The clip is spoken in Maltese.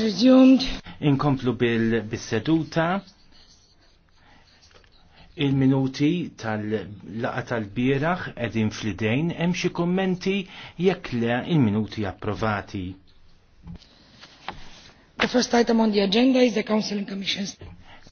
is resumed. Inkomplu bil-seduta il-minuti tal-laqa tal-bieraħ edin flidejn hemm xi kummenti jekk le il-minuti approvati. The first item on the agenda is the Council and Commission's